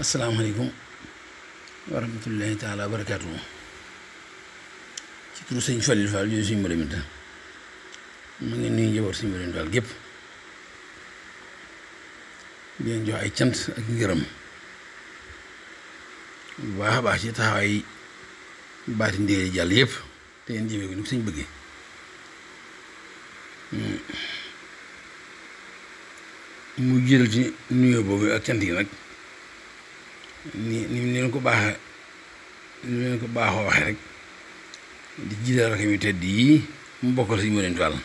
asalaamaaleykum wa rahmatullahi taala wa barakaatu ci turu sëñ Falil Fall yooyu suñu mbir mi daal ma ngi nuyu njaboot suñu mbir mi daal gépp di leen jox ay cant ak ngërëm bu baax a baax ci taxawaay baati ndigal yi jàll yëpp te ngeen jëmee ko ni ko sëñ bëggee hmm. boobu ak cant yi nag. ni ni ni ko baax ni ni ko baaxoo waxe rek di jiital rakam yu tedd yi mu bokkal suñu mëneen wàll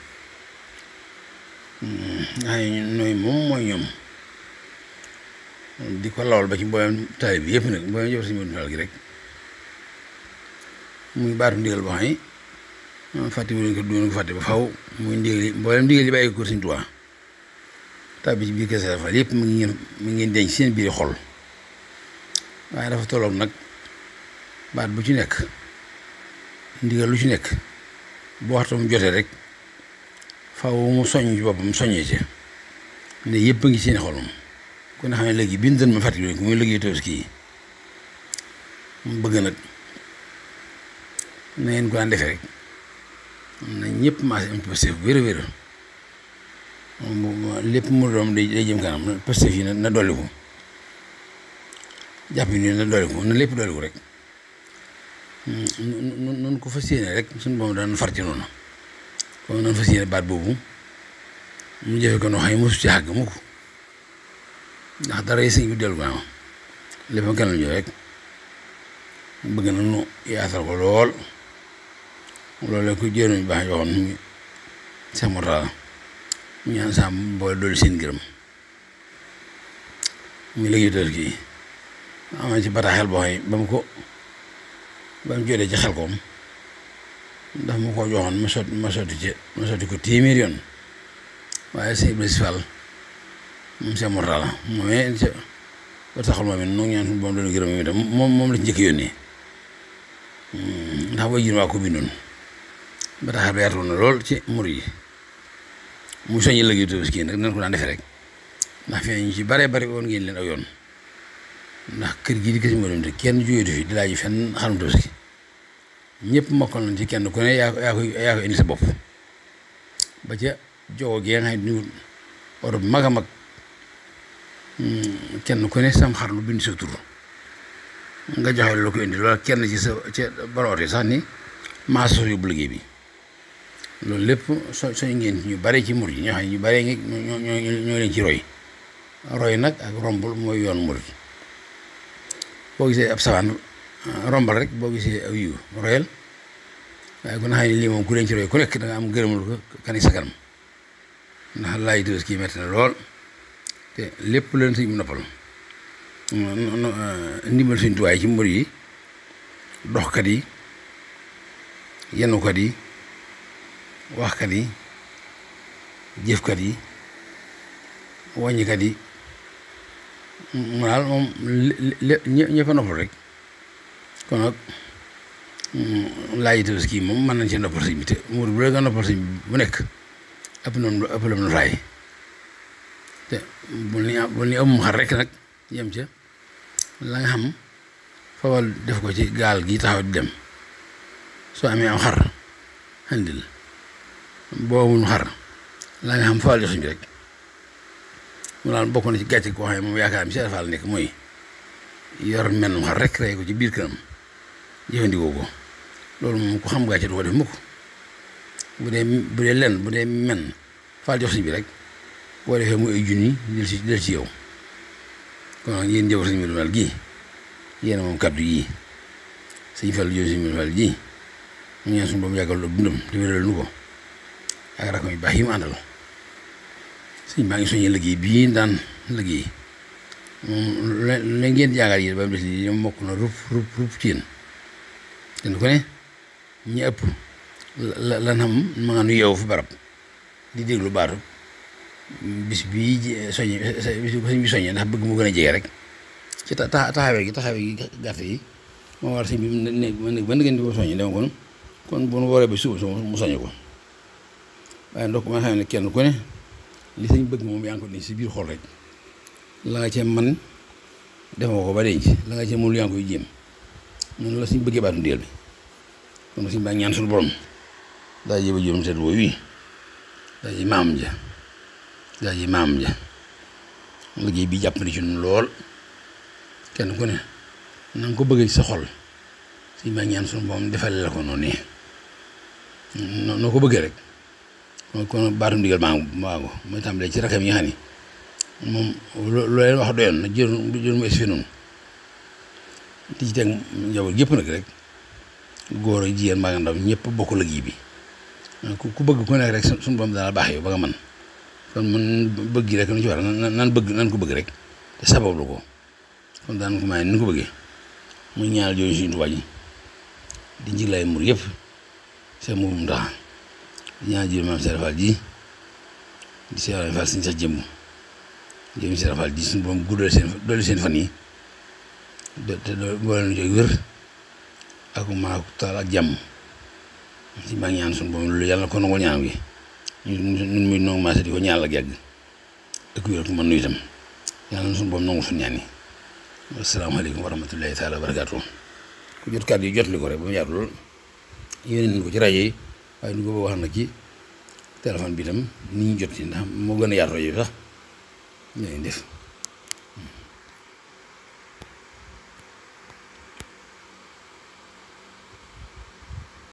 naa ne nooy moom mooy ñoom di ko lawal ba ci mboolem taay bi yëpp nag mboolem jëfal suñu mëneen wàll gi rek muy baatum ndigal boo xam ne ah, fàtte wu leen ko doon ko fàtte ba faw muy ndigal yi mboolem ndigal yi ko suñu tuwaa taay bi ci fa yëpp mu ngi mu ngeen denc seen biir xol waaye dafa tolloog nag baat bu ci nekk ndigal lu ci nekk boo waxtu mu jotee rek faaw mu soññ ci boppam soññee ci ne yëpp a ngi seen xolum ku ne xam ne léegi bi dën ma fàttali ko mu liggéey Tabaski yi mu bëgg nag na ngeen ko daan defee rek na ñëpp maase am ci Pastef wér a wér lépp mu doom day jëm kanam Pastef yi na dolliku jàpp ni na doole ko na lépp doole ko rek hmm, nun ko fas yéene rek suñu boom daan far ci noonu kon nan fas yéene baat boobu mu jëfe ko noo xam ne mu ko ndax dara yi sëñ bi dellu gannaaw lépp bëgg na nu yaatal ko lool loolu la ko jëriñu baax joxoon ñu Seex Murtala ñaan seen gërëm muy liggéey dool kii am na ci bataaxel boo xam ba mu ko ba mu jëlee ci xel koom ndax mu ko joxoon ma sotti ma sotti ci ma sotti ko téeméer yoon waaye sëñ Iblis Fall moom sëñ Mourtala moom it ba taxul moom moom la ci njëkk yónnee ndax way jur waa ko bindoon bataaxel bi yaatu na lool ci mur yi mu soññi lëg yu tabaski nag nañ ko daan defee rek ndax fi ñu ci bare bari woon ngeen leen aw yoon ndax kër gii di gis moo dem kenn jógee fi di laaj fenn xarum tabaski ñëpp mokkal nañ ci kenn ku ko yaa ko yaa ko indi sa bopp ca jogo gi bu mag a mag kenn ku ne sam xar lu bind sa tur nga joxe la ko indi loolu kenn ci sa ca boroot yi sax ni maa sos yóbbu liggéey bi loolu lépp so sooy ngeen ñu bare ci mur yi ñoo xam ñu bare ñoo ñoo ñoo leen ci roy roy nag ak rombul mooy yoon murit boo gisee ab sawaan ah, rombal rek boo gisee aw yiw royal waaye bu nga xam ne lii moom ku leen ci roy ku nekk da am gërëmul ko kan sa kanam ndax laaj dose kii metti na lool te lépp leen suñ mu noppal ah, ndimbal suñ tuwaay ci mbër yi doxkat yi yenukat yi waxkat yi jëfkat yi wàññikat yi mu daal moom ñi fa noppal rek kon nag mm, laaj tabaski moom mën nañ seen noppal sëñ bi te muur bu la noppal sëñ bi bu nekk ëpp noonu ëpp la mu raay te bu am bu ñu amum xar rek nag yem ca la nga xam fawal def ko ci gaal gi taxaw di dem soo amee am xar andil boo amul xar la nga xam fawal jox bi rek. mu naan bokk na ci gàcce koo xam ne moom yaakaar mi Cheikh Fall nekk mooy yor menn xar rek rey ko ci biir këram jëfandikoo ko loolu moom ku xam gàcce du ko bu dee bu bu dee menn Fall bi rek boo defee muy ay junni del si del si yow kon yéen jëw sëñ Modou Fall gii yéen moom kaddu yii sëñ Fall jëw sëñ Modou mu ñaan suñu boom yàggal dundam te baax yi mu àndal sëñ sunyi lagi bin dan lagi, lengen jaga moom la besi ngeen mau yi rup rup des nii ñoom mokk na ruuf ruuf ruuf ci yéen kenn ku lan nu di déglu bis bii sunyi bis bi soññe ndax bëgg mu gën a jege rek ci ta taxawee gi taxawee gi gàtt yi moo war sëñ bi ne ne ba ngeen di ko soññe dama kon kon bu nu waree ba suba mu ko ma kenn ku ne. li sañ bëgg moom yaa ngi ko denc si biir xol rek la nga cee man defoo ko ba denc la nga cee moom lu yaa ngi koy jéem noonu la suñ bëggee baatu ndéel bi kon suñ baa ñaan suñu borom daa ji ba juróom seet ji maam ja daa ji maam bi jàpp na ci ñun lool kenn ku ne na ko bëggee sa xol suñ baa ñaan suñu borom defal la ko noonu ne noo ko bëggee rek mooy kon baatum ndigal maa waaw mooy tàmbalee ci rakam yi nga xam ni wax doyoon na jëloon jëloon mu expliqué noonu di ci teg njaboot rek góor ak jigéen maa ngi ndaw ñëpp bokk liggéey bi ku bëgg ku nekk rek suñu borom dana baax yow ba nga mën kon man bëgg rek nu ci war nan bëgg nan ko bëgg rek te sabablu ko kon daan ko may ni ko bëggee muy ñaanal jooju suñu tubaab yi di njëglaay mur yëpp c'est mburum ndax ñaajur maam Cheikh Fall ji di Cheikh Fall Fall suñu sax jëmm jëmm Cheikh Fall ji suñu boom guddal seen dolli seen fan yi te boole nu jox wér ak maa taal ak jàmm ci maa ñaan suñu boom loolu yàlla ko nangoo ñaan gi ñun ñun muy noo maase di ko ñaan la yàgg ak wér ak mën nu itam yàlla na suñu nangu suñu ñaan yi asalaamaaleykum wa rahmatullahi taala wa barakaatu ku jot kàddu yi jot li ko rek ba mu yaatu lool yéen ko ci rajo yi waaye lu booba wax na ci téléphone bi tam ni jot ci ndax moo gën a yaatu rajo bi sax ñu def.